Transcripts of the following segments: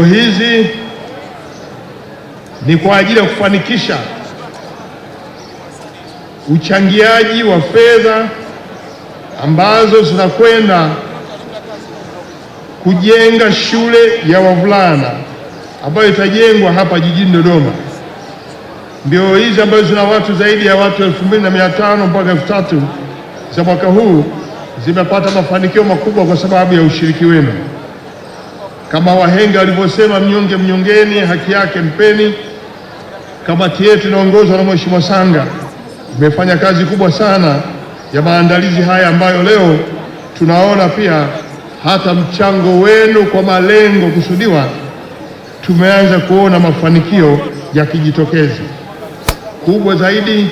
Hizi ni kwa ajili ya kufanikisha uchangiaji wa fedha ambazo zinakwenda kujenga shule ya wavulana ambayo itajengwa hapa jijini Dodoma. Mbio hizi ambazo zina watu zaidi ya watu elfu mbili na mia tano mpaka elfu tatu za mwaka huu zimepata mafanikio makubwa kwa sababu ya ushiriki wenu. Kama wahenga walivyosema, mnyonge mnyongeni, haki yake mpeni. Kamati yetu inaongozwa na Mheshimiwa Sanga imefanya kazi kubwa sana ya maandalizi haya ambayo leo tunaona pia hata mchango wenu kwa malengo kusudiwa, tumeanza kuona mafanikio yakijitokeza. Kubwa zaidi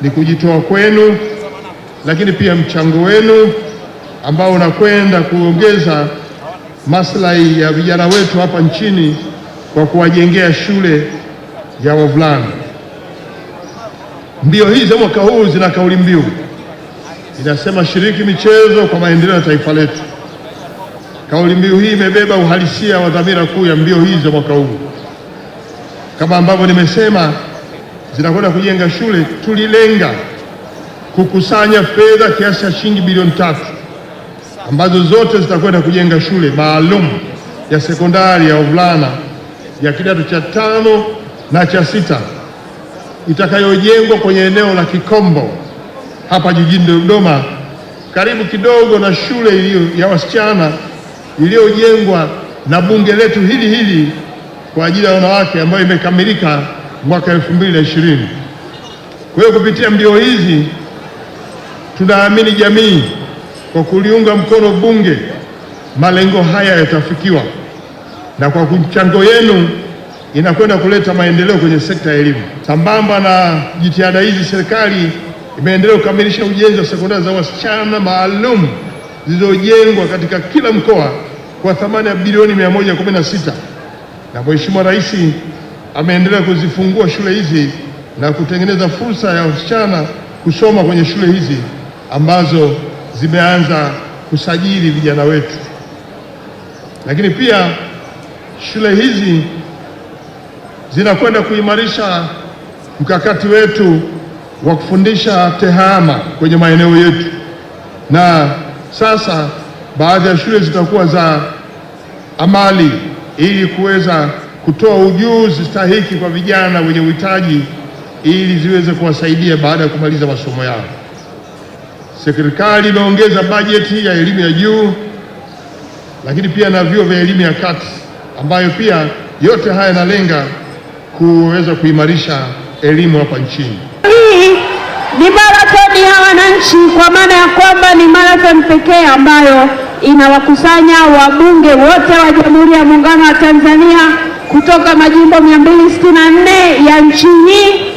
ni kujitoa kwenu, lakini pia mchango wenu ambao unakwenda kuongeza maslahi ya vijana wetu hapa nchini kwa kuwajengea shule ya wavulana. Mbio hizi za mwaka huu zina kauli mbiu inasema, shiriki michezo kwa maendeleo ya taifa letu. Kauli mbiu hii imebeba uhalisia wa dhamira kuu ya mbio hizi za mwaka huu. Kama ambavyo nimesema, zinakwenda kujenga shule. Tulilenga kukusanya fedha kiasi cha shilingi bilioni tatu ambazo zote zitakwenda kujenga shule maalum ya sekondari ya wavulana ya kidato cha tano na cha sita itakayojengwa kwenye eneo la Kikombo hapa jijini Dodoma, karibu kidogo na shule iliyo ya wasichana iliyojengwa na bunge letu hili hili kwa ajili ya wanawake ambayo imekamilika mwaka elfu mbili na ishirini. Kwa hiyo kupitia mbio hizi tunaamini jamii kwa kuliunga mkono bunge, malengo haya yatafikiwa, na kwa mchango yenu inakwenda kuleta maendeleo kwenye sekta ya elimu. Sambamba na jitihada hizi, serikali imeendelea kukamilisha ujenzi wa sekondari za wasichana maalum zilizojengwa katika kila mkoa kwa thamani ya bilioni 116 na Mheshimiwa Rais ameendelea kuzifungua shule hizi na kutengeneza fursa ya wasichana kusoma kwenye shule hizi ambazo zimeanza kusajili vijana wetu, lakini pia shule hizi zinakwenda kuimarisha mkakati wetu wa kufundisha tehama kwenye maeneo yetu, na sasa baadhi ya shule zitakuwa za amali ili kuweza kutoa ujuzi stahiki kwa vijana wenye uhitaji ili ziweze kuwasaidia baada ya kumaliza masomo yao. Serikali imeongeza bajeti ya elimu ya juu, lakini pia na vyuo vya elimu ya kati, ambayo pia yote haya yanalenga kuweza kuimarisha elimu hapa nchini. Hii ni marathoni ya wananchi, kwa maana ya kwamba ni marathoni pekee ambayo inawakusanya wabunge wote wa Jamhuri ya Muungano wa Tanzania kutoka majimbo 264 ya nchi hii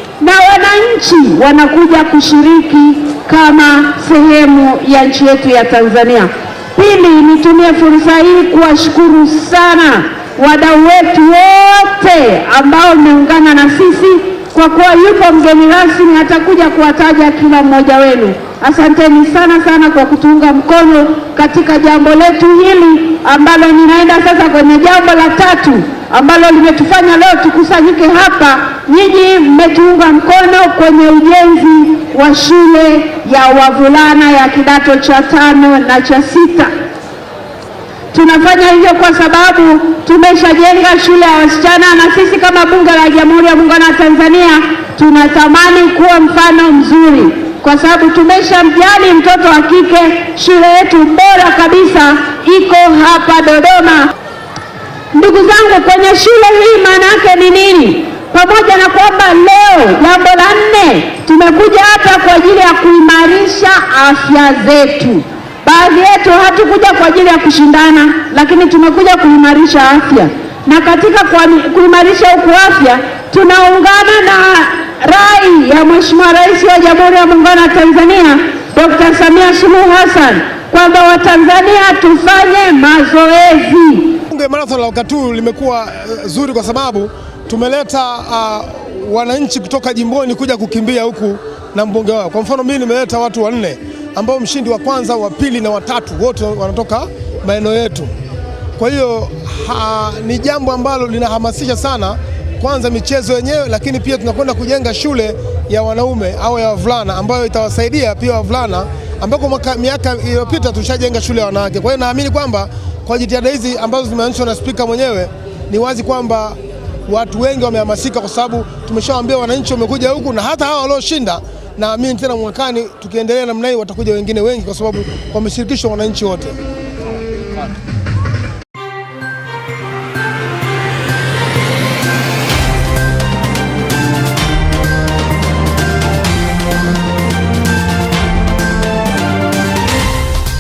wananchi wanakuja kushiriki kama sehemu ya nchi yetu ya Tanzania. Pili, nitumie fursa hii kuwashukuru sana wadau wetu wote ambao mmeungana na sisi kwa kuwa yupo mgeni rasmi atakuja kuwataja kila mmoja wenu. Asanteni sana sana kwa kutuunga mkono katika jambo letu hili ambalo ninaenda sasa kwenye jambo la tatu ambalo limetufanya leo tukusanyike hapa. Nyinyi mmetuunga mkono kwenye ujenzi wa shule ya wavulana ya kidato cha tano na cha sita. Tunafanya hivyo kwa sababu tumeshajenga shule ya wasichana, na sisi kama bunge la Jamhuri ya Muungano wa Tanzania tunatamani kuwa mfano mzuri, kwa sababu tumeshamjali mtoto wa kike. Shule yetu bora kabisa iko hapa Dodoma. Ndugu zangu, kwenye shule hii maana yake ni nini? Pamoja na kwamba leo jambo la nne tumekuja hapa kwa ajili ya kuimarisha afya zetu. Baadhi yetu hatukuja kwa ajili ya kushindana, lakini tumekuja kuimarisha afya, na katika kuimarisha huku afya tunaungana na rai ya Mheshimiwa Rais wa Jamhuri ya Muungano wa Tanzania Dr. Samia Suluhu Hassan kwamba Watanzania tufanye mazoezi. Bunge Marathon la wakati huu limekuwa eh, zuri kwa sababu tumeleta uh, wananchi kutoka jimboni kuja kukimbia huku na mbunge wao. Kwa mfano mimi nimeleta watu wanne ambao mshindi wa kwanza, wa pili na watatu wote wanatoka maeneo yetu. Kwa hiyo ni jambo ambalo linahamasisha sana kwanza michezo yenyewe, lakini pia tunakwenda kujenga shule ya wanaume au ya wavulana ambayo itawasaidia pia wavulana ambako miaka iliyopita tushajenga shule ya wanawake. Kwa hiyo naamini kwamba kwa jitihada hizi ambazo zimeanzishwa na spika mwenyewe, ni wazi kwamba watu wengi wamehamasika, kwa sababu tumeshawaambia wananchi wamekuja huku, na hata hawa walioshinda naamini tena mwakani tukiendelea namna hii watakuja wengine wengi, kwa sababu wameshirikishwa wananchi wote.